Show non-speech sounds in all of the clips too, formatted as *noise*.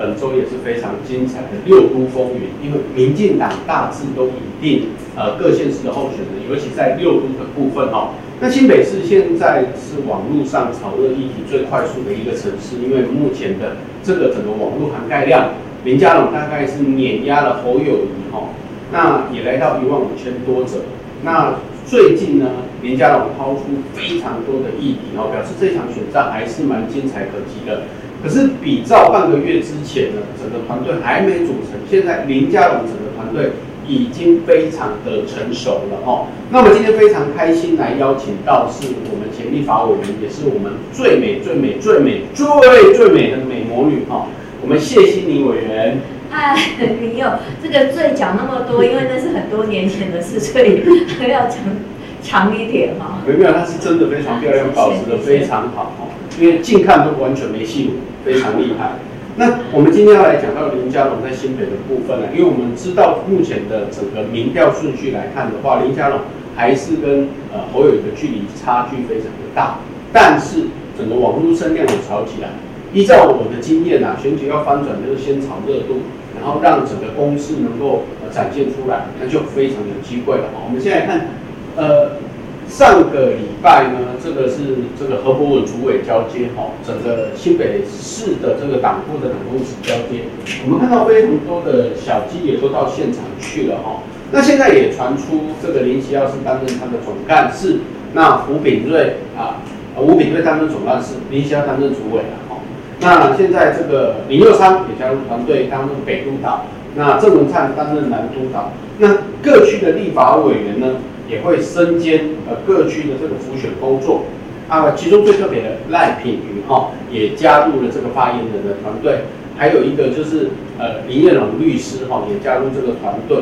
本週也是非常精彩的六都風雲，因為民進黨大致都已定，呃各縣市的候選人，尤其在六都的部分哦。那新北市現在是網絡上炒熱議題最快速的一個城市，因為目前的這個整個網絡涵蓋量，林佳龍大概是碾壓了侯友宜哈、哦，那也來到一萬五千多者。那最近呢，林佳龍拋出非常多的議題哦，表示這場選戰還是蠻精彩可及的。可是比照半個月之前呢，整個團隊還沒組成。現在林佳龍整個團隊已經非常的成熟了哦。那麼今天非常開心來邀請到是我們前立法委員，也是我們最美最美最美最最美的美魔女哦。我們謝欣霓委員，哎，祐來這個最講那麼多，因為那是很多年前的事，所以要講長一點哈、哦。沒有，她是真的非常漂亮，保持得非常好因為近看都完全沒戲，非常厲害。那我們今天要來講到林佳龍在新北的部分呢、啊，因為我們知道目前的整個民調順序來看的話，林佳龍還是跟呃侯友宜的距離差距非常的大，但是整個網絡聲量也炒起來。依照我的經驗啊，選舉要翻轉就是先炒熱度，然後讓整個公司能夠展現出來，那就非常有機會了。我們現在看，呃。上個禮拜呢，這個是這個何博文主委交接哈，整個新北市的這個黨部的辦公室交接，我們看到非常多的小雞也都到現場去了哈。那現在也傳出這個林祈耀是擔任他的總幹事，那吳秉叡啊，吳秉叡擔任總幹事，林祈耀擔任主委了哈。那現在這個林右昌也加入團隊擔任北督導，那鄭文燦擔任南督導，那各區的立法委員呢，也會身兼呃各區的這個輔選工作，啊，其中最特別的賴品妤哈也加入了這個發言人的團隊，還有一個就是呃林彥龍律師哈也加入這個團隊，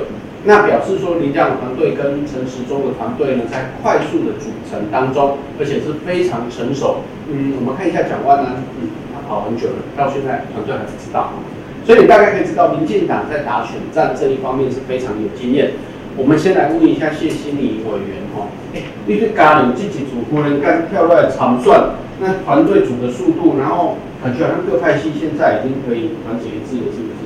那表示說林家的團隊跟陳時中的團隊呢在快速的組成當中，而且是非常成熟。嗯，我們看一下蔣萬安，嗯，他跑很久了，到現在團隊還不知道，所以你大概可以知道民進黨在打選戰這一方面是非常有經驗。我們先來問一下謝欣霓委員哈，哎，你對家人自己組不人干跳來跳去，長算那團隊組的速度，然後感覺好像各派系現在已經可以團結一致了，是不是？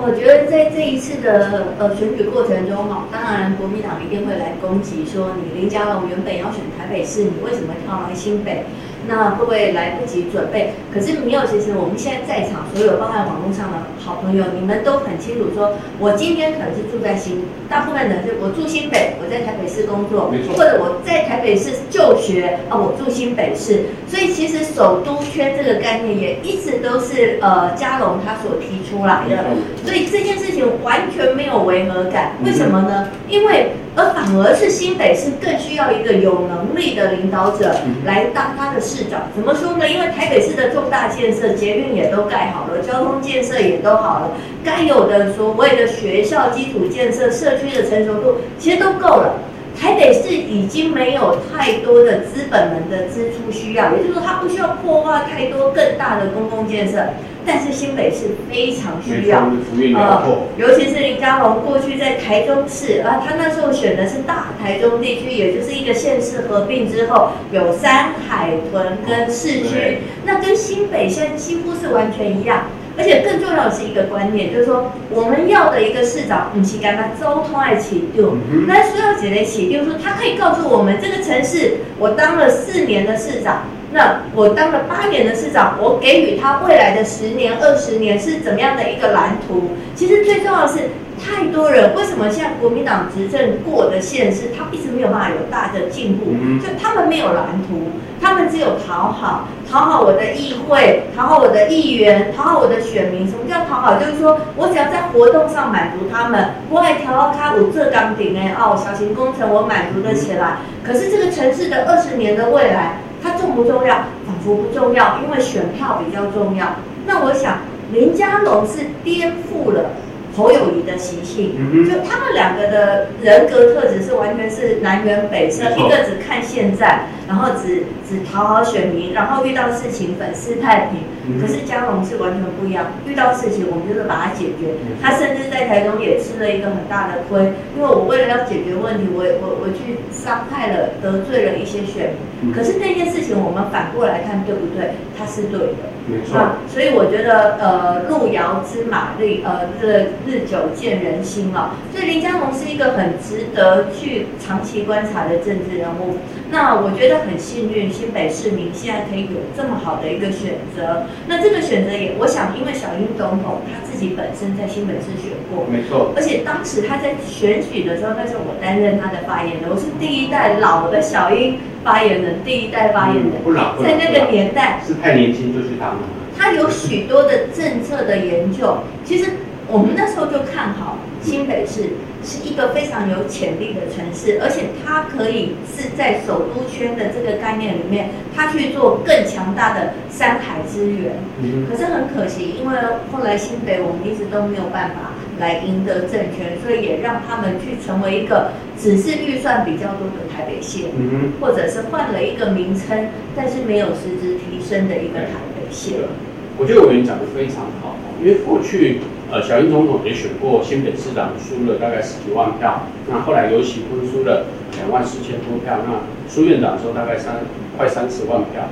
我覺得在這一次的呃選舉過程中哈，當然國民黨一定會來攻擊說你林佳龍原本要選台北市，你為什麼跳來新北？那會不會來不及準備？可是沒有，其實我們現在在場所有包含網絡上的好朋友，你們都很清楚，說我今天可能是住在新，大部分的人就是我住新北，我在台北市工作，沒錯，或者我在台北市就學，啊，我住新北市，所以其實首都圈這個概念也一直都是呃佳龍他所提出來的，所以這件事情完全沒有違和感，為什麼呢？因為。而反而是新北市更需要一個有能力的領導者來當他的市長。怎麼說呢？因為台北市的重大建設，捷運也都蓋好了，交通建設也都好了，該有的所謂的學校基礎建設、社區的成熟度，其實都夠了。台北市已經沒有太多的資本們的支出需要，也就是說，他不需要破壞太多更大的公共建設。但是新北市非常需要,其要、呃、尤其是林佳龍過去在台中市啊、呃，他那時候選的是大台中地區，也就是一個縣市合併之後有山海屯跟市區，對那跟新北縣幾乎是完全一樣。而且更重要的是一個觀念，就是說我們要的一個市長，你去跟他交通愛情，就，那所有姐類起就是說，他可以告訴我們這個城市，我當了四年的市長，那我當了八年的市長，我給予他未來的十年、二十年是怎麼樣的一個藍圖？其實最重要的是。太多人，為什麼現在國民黨執政過的縣市，他一直沒有辦法有大的進步？嗯、哼就他們沒有藍圖，他們只有討好，討好我的議會，討好我的議員，討好我的選民。什麼叫討好？就是說我只要在活動上滿足他們，我來調卡五座鋼頂哎，哦，小型工程我滿足得起來。可是這個城市的二十年的未來，它重不重要？仿佛不重要，因為選票比較重要。那我想，林佳龍是顛覆了。侯友宜的習性，就、嗯、哼他們兩個的人格特質是完全是南轅北轍。嗯、哼一個只看現在，然後只只討好選民，然後遇到事情粉飾太平。嗯、哼可是佳龍是完全不一樣，遇到事情我們就是把它解決。嗯、哼他甚至在台中也吃了一個很大的虧，因為我為了要解決問題，我我我去傷害了、得罪了一些選民。嗯、哼可是那件事情，我們反過來看，對不對？他是對的。沒錯、啊，所以我覺得，呃，路遙知馬力，呃，日日久見人心了、哦。所以林佳龍是一個很值得去長期觀察的政治人物。那我覺得很幸運，新北市民現在可以有這麼好的一個選擇。那這個選擇也，我想，因為小英總統他自己本身在新北市選過，沒錯。而且當時他在選舉的時候，那是我擔任他的發言人，我是第一代老的小英發言人，第一代發言人。嗯，不老，不老，在那個年代。是太年輕就去當了。他有許多的政策的研究，其實我們那時候就看好。新北市是一個非常有潛力的城市，而且它可以是在首都圈的這個概念裡面，它去做更強大的山海資源。嗯、可是很可惜，因為後來新北我們一直都沒有辦法來贏得政權，所以也讓他們去成為一個只是預算比較多的台北縣，嗯、或者是換了一個名稱，但是沒有實質提升的一個台北縣。嗯、我覺得我跟你講的非常好，因為過去。呃，小英總統也選過新北市長，輸了大概十幾萬票。那後來游錫堃輸了兩萬四千多票。那蘇院長說大概三快三十萬票。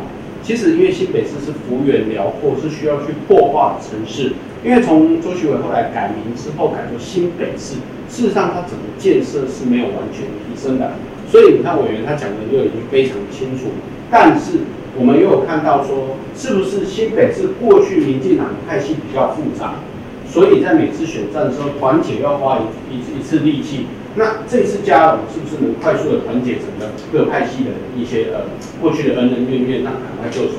其實因為新北市是幅員遼闊，是需要去破壞城市。因為從周錫瑋後來改名之後改做新北市，事實上他整個建設是沒有完全提升的。所以你看委員他講的就已經非常清楚。但是我們又有看到說，是不是新北市過去民進黨的派系比較複雜？所以在每次選戰的時候，團結要花一一次一,一次力氣。那這次佳龍，是不是能快速的團結成了各派系的一些呃、嗯、過去的恩恩怨怨、啊,那趕快就走？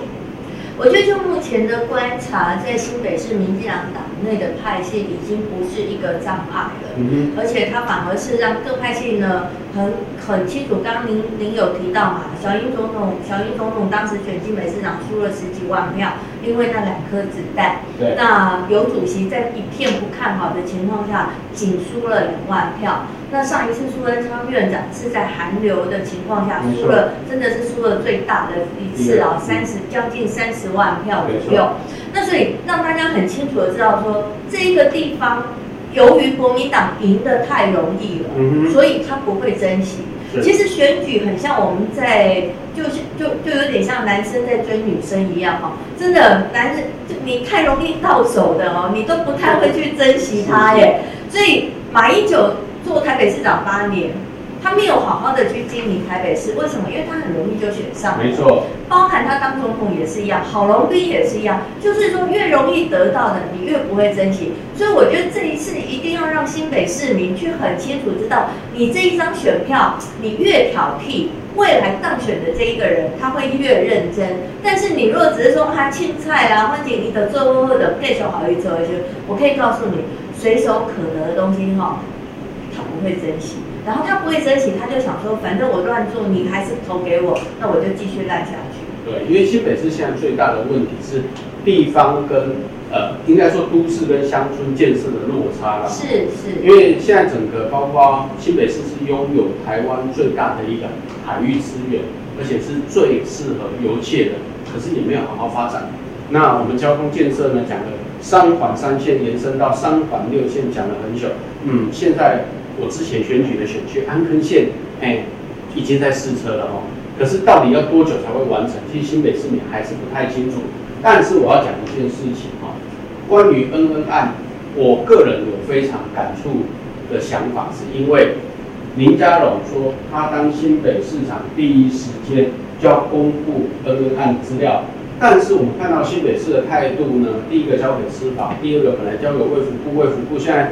我覺得就目前的觀察，在新北市民進黨黨內的派系已經不是一個障礙了，嗯哼而且他反而是讓各派系呢很很清楚。剛剛您您有提到嘛，小英總統小英總統當時選新北市長輸了十幾萬票。因為那兩顆子彈，對那尤主席在一片不看好的情況下，僅輸了兩萬票。那上一次蘇貞昌院長是在寒流的情況下錯輸了，真的是輸了最大的一次啊，三十對將近三十萬票左右。錯那所以讓大家很清楚的知道說，這一個地方，由於國民黨贏得太容易了，嗯、哼所以他不會珍惜。其實選舉很像我們在，就是就就有點像男生在追女生一樣哈、哦，真的男人，就你太容易到手的哦，你都不太會去珍惜他耶。所以馬英九做台北市長八年。他沒有好好的去經營台北市，為什麼？因為他很容易就選上。沒錯，包含他當總統也是一樣，郝龍斌也是一樣。就是說，越容易得到的，你越不會珍惜。所以我覺得這一次一定要讓新北市民去很清楚知道，你這一張選票，你越挑剔，未來當選的這一個人他會越認真。但是你如果只是說他青菜啊，或者你的做惡惡的對手好一陣，我可以告訴你，隨手可得的東西哈、哦，他不會珍惜。然後他不會珍惜，他就想說，反正我亂做，你還是投給我，那我就繼續爛下去。對，因為新北市現在最大的問題是地方跟呃，應該說都市跟鄉村建設的落差啦，是是。是因為現在整個包括新北市是擁有台灣最大的一個海域資源，而且是最適合游憩的，可是也沒有好好發展。那我們交通建設呢？講了三環三線延伸到三環六線，講了很久。嗯，現在。我之前選舉的選區安坑線哎、欸，已經在試車了哈、喔。可是到底要多久才會完成？其實新北市民還是不太清楚。但是我要講一件事情哈、喔，關於恩恩案，我個人有非常感觸的想法，是因為林佳龍說他當新北市長第一時間就要公布恩恩案資料，但是我們看到新北市的態度呢，第一個交給司法，第二個本來交給衛福部，衛福部現在。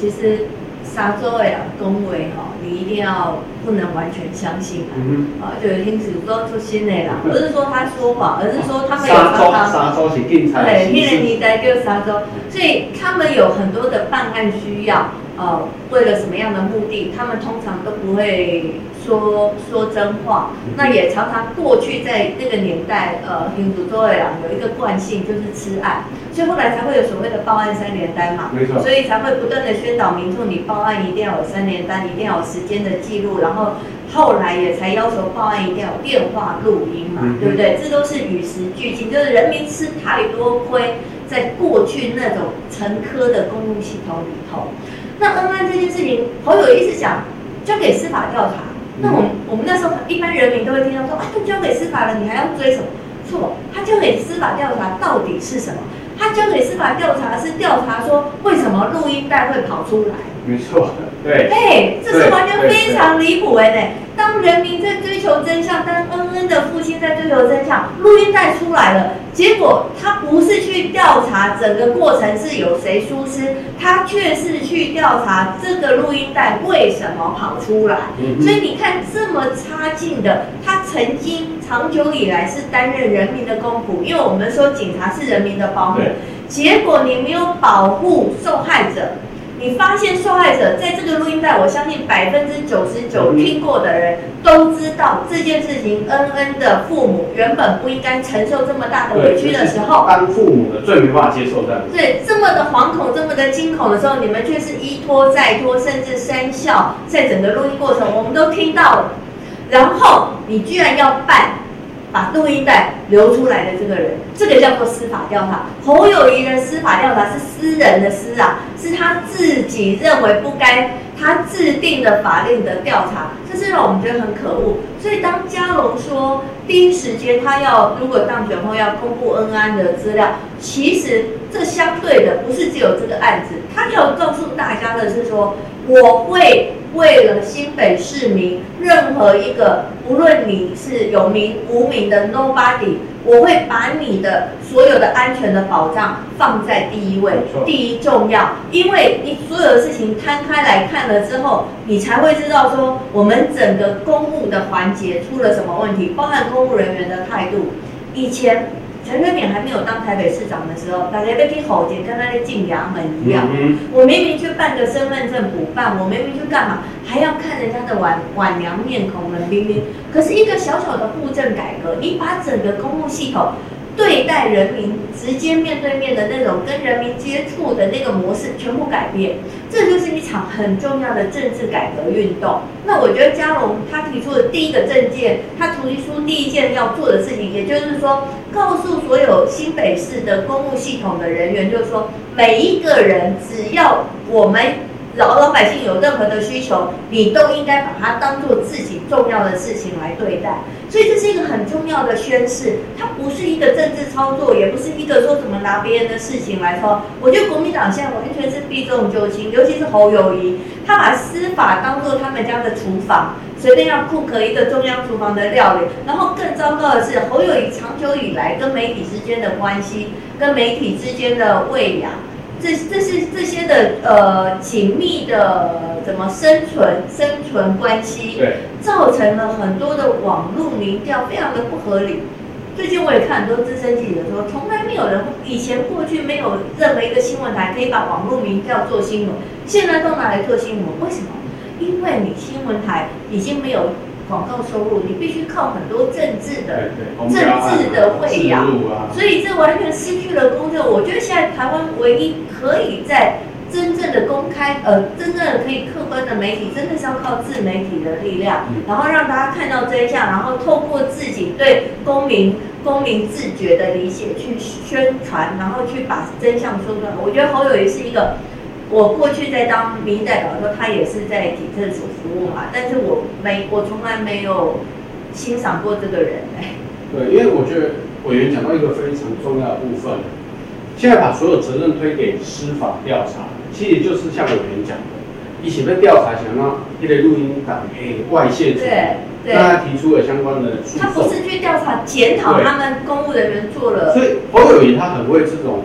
其實，沙洲呀，恭維話，你一定要不能完全相信啊！啊、嗯呃，就因此是不出心的啦。不是說他說謊，而是說他們有幫他。沙州沙州是警察的星星。對，因為你在一個沙洲，所以他們有很多的辦案需要。啊、呃，為了什麼樣的目的？他們通常都不會。說說真話，那也常常過去在那個年代，呃，印度多啊，有一個慣性就是吃案，所以後來才會有所謂的報案三聯單嘛，沒錯，所以才會不斷的宣導民眾，你報案一定要有三聯單，一定要有時間的記錄，然後後來也才要求報案一定要有電話錄音嘛，對不對？嗯、哼這都是與時俱進，就是人民吃太多虧，在過去那種沉痾的公務系統裡頭，那恩恩案這件事情侯友宜講，講交給司法調查。那我們我們那時候一般人民都會聽到說啊，都交給司法了，你還要追什麼錯？他交給司法調查到底是什麼？他交給司法調查是調查說為什麼錄音帶會跑出來？沒錯。哎，hey, 對這是完全非常離譜哎！當人民在追求真相，當恩恩的父親在追求真相，錄音帶出來了，結果他不是去調查整個過程是有誰疏失，他卻是去調查這個錄音帶為什麼跑出來。嗯、哼所以你看，這麼差勁的，他曾經長久以來是擔任人民的公僕，因為我們說警察是人民的保姆，對結果你沒有保護受害者。你發現受害者在這個錄音帶，我相信百分之九十九聽過的人都知道這件事情。恩恩的父母原本不應該承受這麼大的委屈的時候，就是、當父母的最無法接受的，對，這麼的惶恐，這麼的驚恐的時候，好你們卻是一拖再拖，甚至訕笑，在整個錄音過程，我們都聽到了，然後你居然要辦。把錄音帶留出來的這個人，這個叫做司法調查。侯友宜的司法調查是私人的私啊，是他自己認為不該他制定的法令的調查，這是讓我們覺得很可惡。所以當佳龍說第一時間他要如果當選後要公布恩安，安的資料，其實這相對的不是只有這個案子，他要告訴大家的是說我會。為了新北市民，任何一個，不論你是有名無名的 nobody，我會把你的所有的安全的保障放在第一位，第一重要。因為你所有的事情攤開來看了之後，你才會知道說，我們整個公務的環節出了什麼問題，包含公務人員的態度，以前。陳水扁還沒有當台北市長的時候，大家在聽侯點，跟他在進衙門一樣。嗯嗯，我明明去辦個身份證補辦，我明明去幹嘛，還要看人家的晚、晚娘面孔冷冰冰。可是，一個小小的戶政改革，你把整個公務系統。對待人民直接面對面的那種跟人民接觸的那個模式全部改變，這就是一場很重要的政治改革運動。那我覺得佳龍他提出的第一個政見，他提出第一件要做的事情，也就是說，告訴所有新北市的公務系統的人員，就是說，每一個人只要我們老老百姓有任何的需求，你都應該把它當做自己重要的事情來對待。所以這是一個很重要的宣誓，它不是一個政治操作，也不是一個說怎麼拿別人的事情來說。我覺得國民黨現在完全是避重就輕，尤其是侯友宜，他把司法當做他們家的廚房，隨便要 cook 一個中央廚房的料理。然後更糟糕的是，侯友宜長久以來跟媒體之間的關係，跟媒體之間的餵養。這這是這些的呃緊密的怎麼生存生存關係，對造成了很多的網絡民調非常的不合理。最近我也看很多資深記者說，從來沒有人以前過去沒有任何一個新聞台可以把網絡民調做新聞，現在都拿來做新聞，為什麼？因為你新聞台已經沒有。廣告收入，你必須靠很多政治的政治的餵養，所以這完全失去了公正。我覺得現在台灣唯一可以在真正的公開，呃，真正的可以客觀的媒體，真的是要靠自媒體的力量，然後讓大家看到真相，然後透過自己對公民公民自覺的理解去宣傳，然後去把真相說出來。我覺得侯友宜是一個。我過去在當民意代表的時候，他,他也是在警政署服務嘛，但是我沒，我從來沒有欣賞過這個人哎、欸。對，因為我覺得委員講到一個非常重要的部分，現在把所有責任推給司法調查，其實就是像委員講的，以前被調查，想到一些錄音檔被、欸、外泄，對，對他提出了相關的訴訟。他不是去調查檢討他們公務的人員做了。所以侯友宜他很會這種。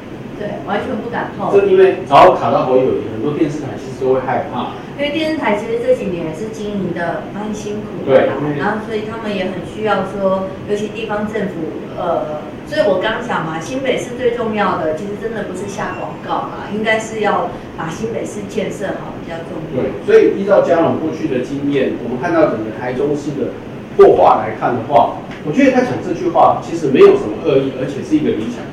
對，完全不敢碰。就是因為只要卡到侯友，很多電視台其實都會害怕。因為電視台其實這幾年也是經營的蠻辛苦的、啊，對然後所以他們也很需要說，尤其地方政府，呃，所以我剛講嘛，新北市最重要的，其實真的不是下廣告嘛，應該是要把新北市建設好比較重要。對，所以依照佳龍過去的經驗，我們看到整個台中市的破化來看的話，我覺得他講這句話其實沒有什麼惡意，而且是一個理想。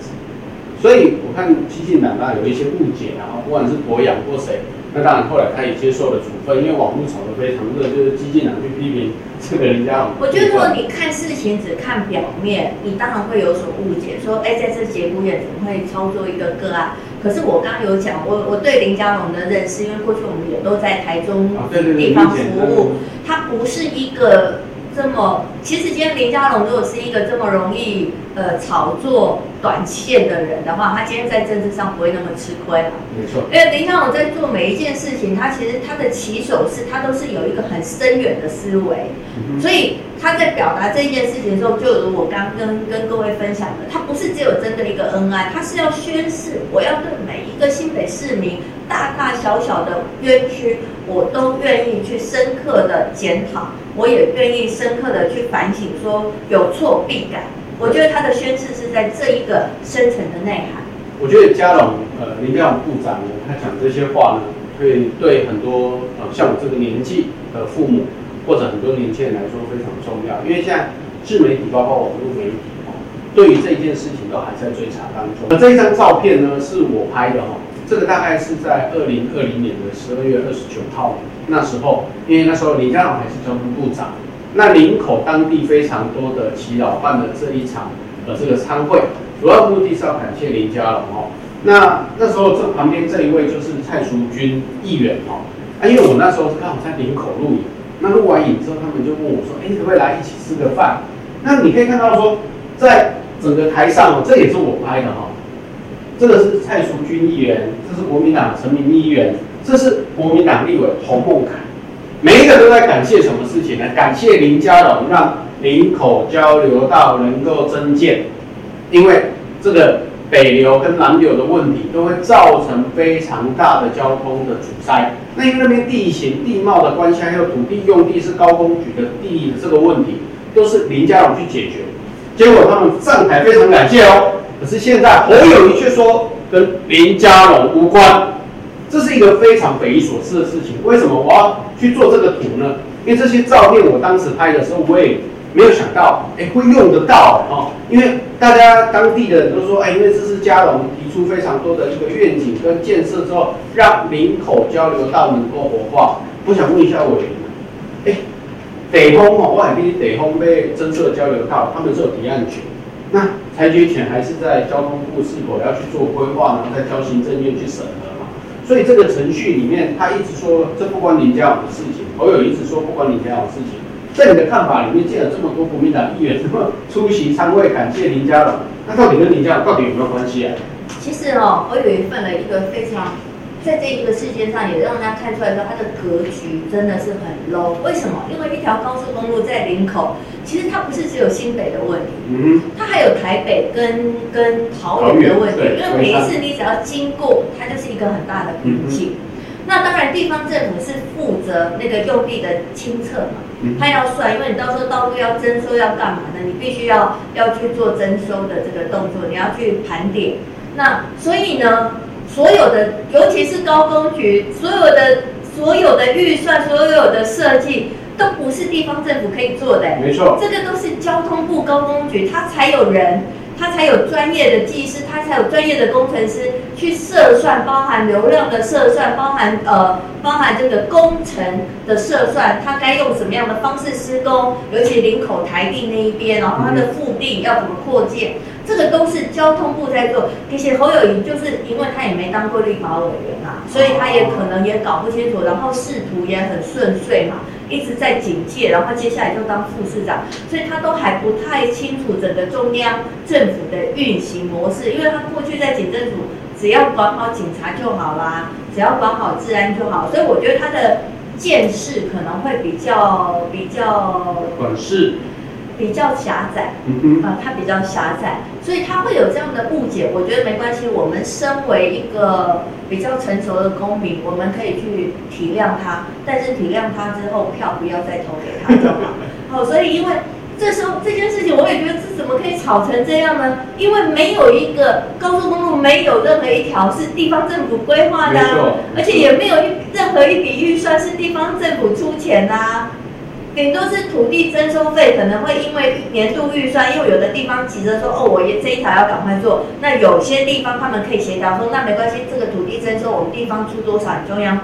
所以，我看基進黨啊，有一些誤解啊，不管是博養過誰，那當然，後來他也接受了處分，因為網絡炒得非常熱，就是基進黨去批評這個林佳龍。我覺得，如果你看事情只看表面，你當然會有所誤解，說，哎、欸，在這節骨眼怎麼會操作一個個案？可是我剛有講，我我對林佳龍的認識，因為過去我們也都在台中地方服務，他、啊、不是一個。這麼，其實今天林佳龍如果是一個這麼容易，呃，炒作短線的人的話，他今天在政治上不會那麼吃虧了。沒錯。因為林佳龍在做每一件事情，他其實他的起手式，他都是有一個很深遠的思維，嗯哼。所以他在表達這件事情的時候，就如我剛剛跟跟各位分享的，他不是只有針對一個恩愛，他是要宣誓，我要對每一個新北市民，大大小小的冤屈。我都願意去深刻的檢討，我也願意深刻的去反省，說有錯必改。我覺得他的宣誓是在這一個深層的內涵。我覺得佳龍，呃，林佳龍部長呢，他講這些話呢，會對很多呃像我這個年紀的父母，嗯、或者很多年輕人來說非常重要。因為現在自媒體，包括網絡媒體，呃嗯、對於這一件事情都還是在追查當中。那這張照片呢，是我拍的哈、哦。這個大概是在二零二零年的十二月二十九號，那時候，因為那時候林佳龍還是交通部長，那林口當地非常多的耆老辦的這一場呃這個餐會，主要目的是要感謝林佳龍哦。那那時候這旁邊這一位就是蔡淑君議員哈、啊，因為我那時候是剛好在林口錄影，那錄完影之後，他們就問我說，哎，你可不可以來一起吃個飯？那你可以看到說，在整個台上哦，這也是我拍的哈。哦這個是蔡淑君議員，這是國民黨陳明議員，這是國民黨立委洪孟楷。每一個都在感謝什麼事情呢？感謝林佳龍讓林口交流道能夠增建，因為這個北流跟南流的問題都會造成非常大的交通的阻塞。那因為那邊地形地貌的關係，還有土地用地是高公局的地，這個問題都是林佳龍去解決，結果他們上台非常感謝哦。可是現在侯友宜卻說跟林佳龍無關，這是一個非常匪夷所思的事情。為什麼我要去做這個圖呢？因為這些照片我當時拍的時候，我也沒有想到，哎、欸，會用得到的哦。因為大家當地的人都說，哎、欸，因為這是佳龍提出非常多的一個願景跟建設之後，讓林口交流道能夠活化。我想問一下委員，哎、欸，北豐哦，我還比北豐被偵測交流道，他們是有提案權。那裁決權還是在交通部是否要去做規劃呢？在交行政院去審核嘛？所以這個程序裡面，他一直說這不關林佳龍的事情。侯友宜一直說不關林佳龍事情，在你的看法裡面，見了這麼多國民黨議員出席參會，感謝林佳龍，那到底跟林佳龍到底有沒有關係啊？其實哈、哦，我有一份的一個非常。在這一個事件上，也讓人家看出來說，它的格局真的是很 low。為什麼？因為一條高速公路在林口，其實它不是只有新北的問題，嗯哼，它還有台北跟跟桃園的問題。寧因為每一次你只要經過，它就是一個很大的瓶頸。嗯、哼那當然，地方政府是負責那個用地的清冊嘛，它要算，因為你到時候道路要徵收要幹嘛呢？你必須要要去做徵收的這個動作，你要去盤點。那所以呢？所有的，尤其是高公局，所有的、所有的預算、所有的設計，都不是地方政府可以做的。沒錯，這個都是交通部高公局，它才有人，它才有專業的技師，它才有專業的工程師去測算，包含流量的測算，包含呃，包含這個工程的測算，它該用什麼樣的方式施工？尤其林口台地那一邊，然後它的腹地要怎麼擴建？嗯這個都是交通部在做。而且侯友宜就是因為他也沒當過立法委員嘛、啊，所以他也可能也搞不清楚。然後仕途也很順遂嘛，一直在警界，然後接下來就當副市長，所以他都還不太清楚整個中央政府的運行模式，因為他過去在警政署，只要管好警察就好啦，只要管好治安就好。所以我覺得他的見識可能會比較比較管事。比較狹窄，啊、呃，它比較狹窄，所以它會有這樣的誤解。我覺得沒關係，我們身為一個比較成熟的公民，我們可以去體諒他，但是體諒他之後，票不要再投給他就好。 *laughs* 哦，所以因為這時候這件事情，我也覺得這怎麼可以吵成這樣呢？因為沒有一個高速公路，沒有任何一條是地方政府規劃的、啊，錯而且也沒有一任何一筆預算是地方政府出錢吶、啊。頂多是土地徵收費，可能會因為年度預算，因為有的地方急着說，哦，我這這一條要趕快做。那有些地方他們可以協調說，那沒關係，這個土地徵收，我們地方出多少，中央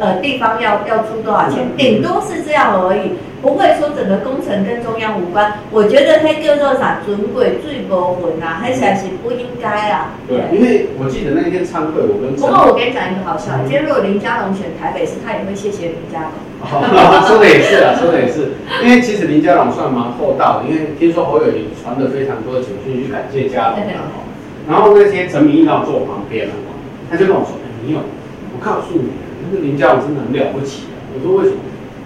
呃地方要要出多少錢。頂多是這樣而已，不會說整個工程跟中央無關。我覺得迄叫做啥準軌最博魂啊，實在是不應該啊。對，對，因為我記得那一天參會，我跟不過我跟你講一個好笑，今天如果林佳龍選台北市，他也會謝謝林佳龍。說 *laughs* *laughs* 的也是啊，說的也是，因為其實林佳龍算蠻厚道的，因為聽說侯友宜傳了非常多的情緒，去感謝佳龍。然後那些陳明義到坐我旁邊了，他就跟我說：“哎，沒有，我告訴你，那個林佳龍真的很了不起、啊。”我說：“為什麼？”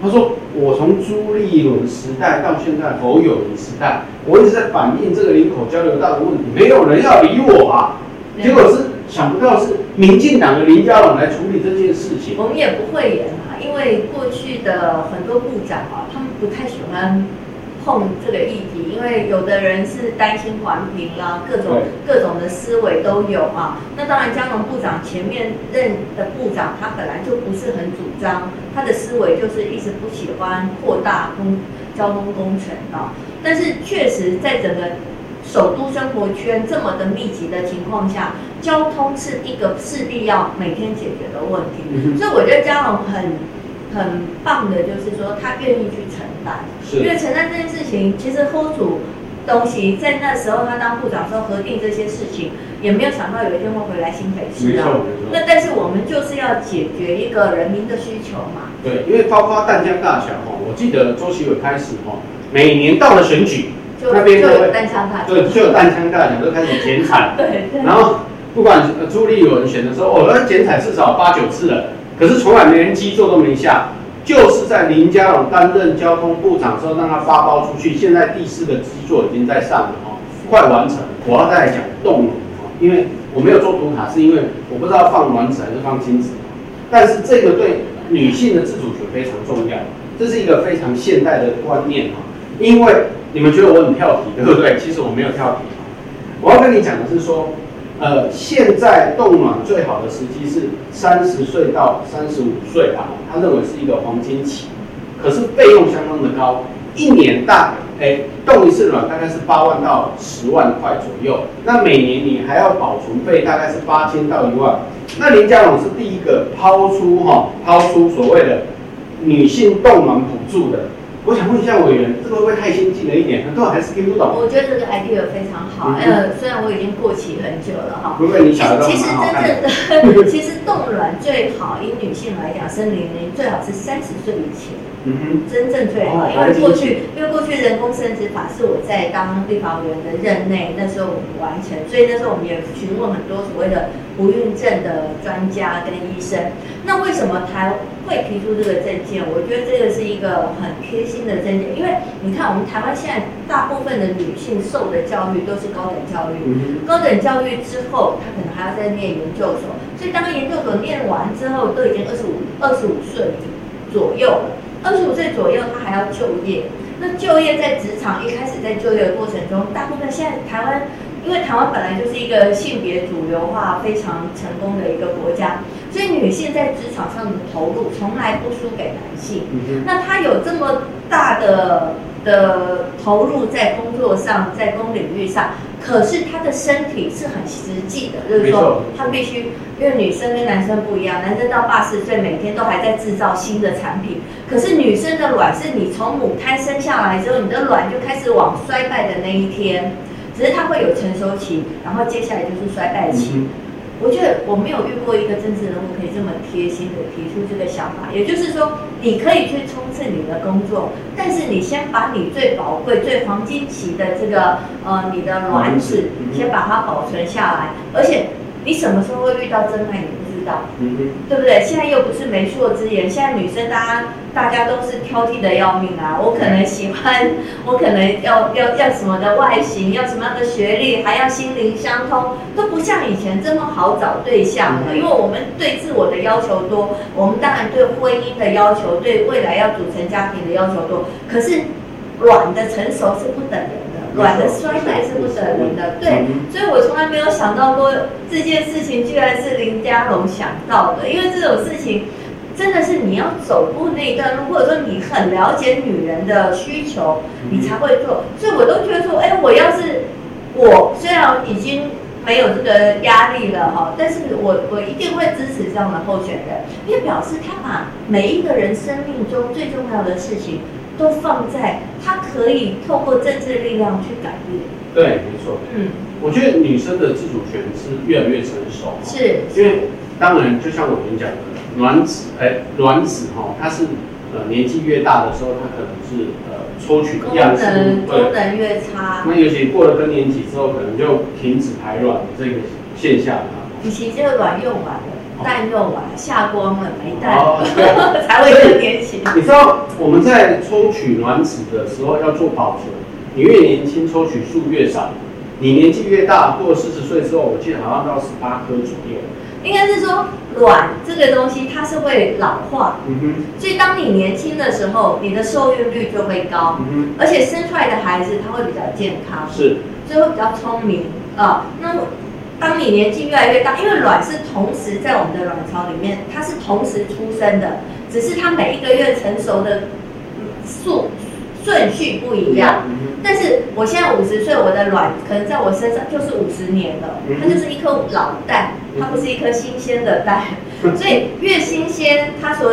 他說：“我從朱立倫時代到現在侯友宜時代，我一直在反映這個林口交流道的問題，沒有人要理我啊。結果是想不到是民進黨的林佳龍來處理這件事情，我們也不會耶。”因為過去的很多部長啊，他們不太喜歡碰這個議題，因為有的人是擔心環評啊，各種各種的思維都有啊。那當然，佳龍部長前面任的部長，他本來就不是很主張，他的思維就是一直不喜歡擴大工交通工程啊，但是，確實在整個。首都生活圈這麼的密集的情況下，交通是一個勢必要每天解決的問題。嗯、哼所以我覺得佳龍很，很棒的，就是說他願意去承擔，是因為承擔這件事情，其實侯友宜在那時候他當部長的時候核定這些事情，也沒有想到有一天會回來新北市啊、哦。那但是我們就是要解決一個人民的需求嘛。對，因為包括淡江大橋哈，我記得周錫瑋開始哈，每年到了選舉。就那邊、那個，就有彈槍菜，對，就有彈槍菜，你們都開始剪綵。對。對然後，不管朱立倫選的時候，我、哦、那剪綵至少八九次了，可是從來沒人基座都沒下，就是在林佳龍擔任交通部長的時候，讓他發包出去，現在第四個基座已經在上了，哦，快完成。我要再來講動了，哦，因為我沒有做賭卡，是因為我不知道放卵子還是放精子。但是這個對女性的自主權非常重要，這是一個非常現代的觀念，哈、哦，因為。你們覺得我很跳題，對不對？其實我沒有跳題。我要跟你講的是說，呃，現在凍卵最好的時機是三十歲到三十五歲吧，他認為是一個黃金期，可是費用相當的高，一年大，哎，凍一次卵大概是八萬到十萬塊左右，那每年你還要保存費大概是八千到一萬。那林佳龍是第一個拋出哈，拋出所謂的女性凍卵補助的。我想問一下委員，這個會不會太先進了一點？多少還是聽不到。我覺得這個 idea 非常好，嗯、哼呃，雖然我已經過期很久了哈。不會，你曉得嗎？其實真正的，的 *laughs* 其實凍卵最好，以女性來講，生理年齡最好是三十歲以前。嗯，真正最好，哦、因為過去，因為過去人工生殖法是我在當立法委員的任內那時候我們完成，所以那時候我們也詢問很多所謂的不孕症的專家跟醫生。那為什麼台會提出這個政見，我覺得這個是一個很貼心的政見，因為你看我們台灣現在大部分的女性受的教育都是高等教育，高等教育之後她可能還要再念研究所，所以當研究所念完之後，都已經二十五、二十五歲左右了。二十五歲左右，他還要就業。那就業在職場一開始，在就業的過程中，大部分現在台灣，因為台灣本來就是一個性別主流化非常成功的一個國家，所以女性在職場上的投入從來不輸給男性。嗯、哼那她有這麼大的的投入在工作上，在公領域上。可是她的身體是很實際的，就是說她必須，因為女生跟男生不一樣，男生到八十歲每天都還在製造新的產品，可是女生的卵是你從母胎生下來之後，你的卵就開始往衰敗的那一天，只是它會有成熟期，然後接下來就是衰敗期。嗯我覺得我沒有遇過一個政治人物可以這麼貼心的提出這個想法，也就是說，你可以去衝刺你的工作，但是你先把你最寶貴、最黃金期的這個呃，你的卵子先把它保存下來，而且你什麼時候會遇到真愛，你不知道，對不對？現在又不是媒妁之言，現在女生大家。大家都是挑剔的要命啊！我可能喜歡，我可能要要要什麼的外形，要什麼樣的學歷，還要心靈相通，都不像以前這麼好找對象了。因為我們對自我的要求多，我們當然對婚姻的要求、對未來要組成家庭的要求多。可是卵的成熟是不等人的，卵的衰敗是不等人的。對，所以我從來沒有想到過這件事情，居然是林佳龍想到的。因為這種事情。真的是你要走過那一段路，或者說你很了解女人的需求，你才會做。嗯，所以我都覺得說，哎，我要是我雖然已經沒有這個壓力了哈，但是我我一定會支持這樣的候選人。也表示他把每一個人生命中最重要的事情都放在他可以透過政治力量去改變。對，沒錯。嗯，我覺得女生的自主權是越來越成熟，是因為當然，就像我跟你講的。卵子，哎、欸，卵子哈、哦，它是呃，年紀越大的時候，它可能是呃，抽取的量少功能越對差。那尤其過了更年期之後，可能就停止排卵的這個現象啊。你其實這個卵用完了，蛋用完了，哦、下光了，沒蛋， *laughs* 才會更年期。 *laughs* 你知道我們在抽取卵子的時候要做保存，你越年輕抽取數越少，你年紀越大，過四十歲之後，我記得好像到十八顆左右，應該是說。卵這個東西它是會老化，嗯、哼所以當你年輕的時候，你的受孕率就會高，嗯、哼而且生出來的孩子他會比較健康，是，所以會比較聰明啊、哦。那我，當你年紀越來越大，因為卵是同時在我們的卵巢裡面，它是同時出生的，只是它每一個月成熟的數。順序不一樣，但是我現在五十歲，我的卵可能在我身上就是五十年了，它就是一顆老蛋，它不是一顆新鮮的蛋，所以越新鮮，它所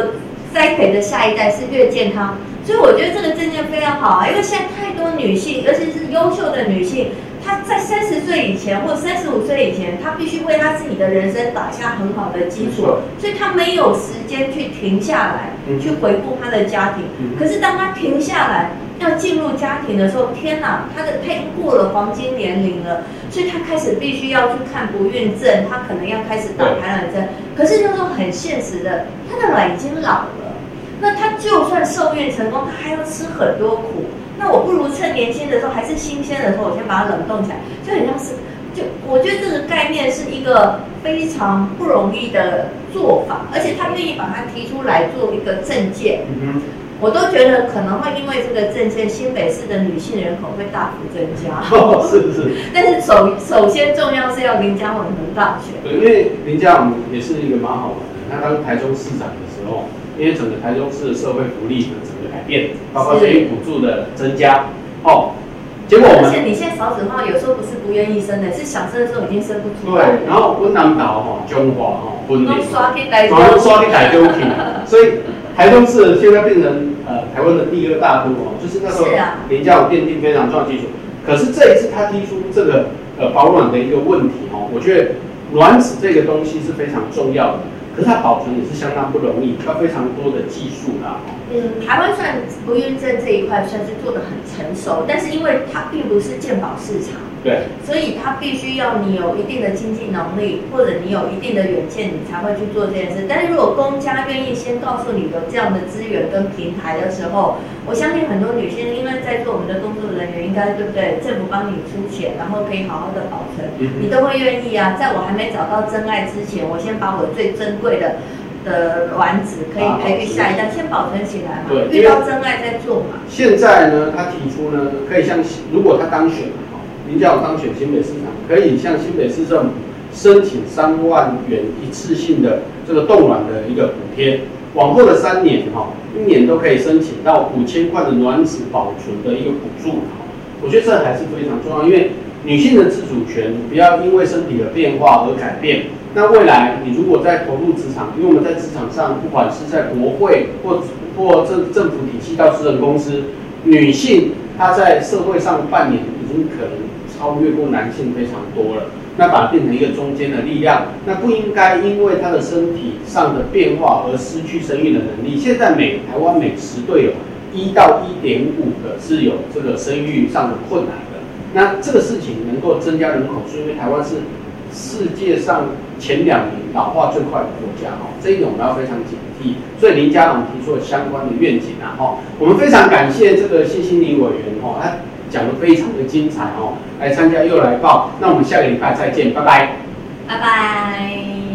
栽培的下一代是越健康，所以我覺得這個政見非常好啊，因為現在太多女性，尤其是優秀的女性。他在三十歲以前或三十五歲以前，他必須為他自己的人生打下很好的基礎，所以他沒有時間去停下來，去回顧他的家庭。可是當他停下來要進入家庭的時候，天哪，啊，他的他已經過了黃金年齡了，所以他開始必須要去看不孕症，他可能要開始打排卵針。可是那種很現實的，他的卵已經老了，那他就算受孕成功，他還要吃很多苦。那我不如趁年輕的時候，還是新鮮的時候，我先把它冷凍起來，就很像是，就我覺得這個概念是一個非常不容易的做法，而且他願意把它提出來做一個政見、嗯、哼我都覺得可能會因為這個政見，新北市的女性人口會大幅增加，哦、是是。 *laughs* 但是首首先重要是要林佳龍能當選。對，因為林佳龍也是一個蠻好玩的，他當台中市長的時候，因為整個台中市的社會福利的。改變，包括這一補助的增加是哦，結果我們。而且你現在少子化，有時候不是不願意生的，是想生的時候已經生不出來，對。然後溫南島哈、中華哈分裂，馬上刷給大洲，所以台中市現在變成呃台灣的第二大都哦，就是那時候林佳龍奠定非常重要的基礎。是啊、可是這一次他提出這個呃保暖的一個問題哦，我覺得卵子這個東西是非常重要的。可是它保存也是相當不容易，要非常多的技術的、啊。嗯，台灣算不孕症這一塊算是做得很成熟，但是因為它並不是健保市場。對，所以他必須要你有一定的經濟能力，或者你有一定的遠見，你才會去做這件事。但是如果公家願意先告訴你有這樣的資源跟平台的時候，我相信很多女性，因為在座我們的工作人員，應該對不對？政府幫你出錢，然後可以好好的保存，嗯、哼你都會願意啊。在我還沒找到真愛之前，我先把我最珍貴的的卵子可以培育下一代，先保存起來嘛，對，遇到真愛再做嘛。現在呢，他提出呢，可以像如果他當選。林佳龍當選新北市長，可以向新北市政府申請三萬元一次性的這個凍卵的一個補貼，往後的三年，哈，一年都可以申請到五千塊的卵子保存的一個補助。我覺得這還是非常重要，因為女性的自主權不要因為身體的變化而改變。那未來你如果在投入職場，因為我們在職場上，不管是在國會或或政政府體系到私人公司，女性她在社會上扮演已經可能。超越過男性非常多了，那把它變成一個中間的力量，那不應該因為他的身體上的變化而失去生育的能力。現在每台灣每十對有一到一點五個是有這個生育上的困難的，那這個事情能夠增加人口數，是因為台灣是世界上前兩年老化最快的國家哦，這一點我們要非常警惕。所以林佳龍提出了相關的願景啊哈，我們非常感謝這個謝欣霓委員哦，他。講得非常的精彩哦，來參加祐來爆，那我們下個禮拜再見，拜拜，拜拜。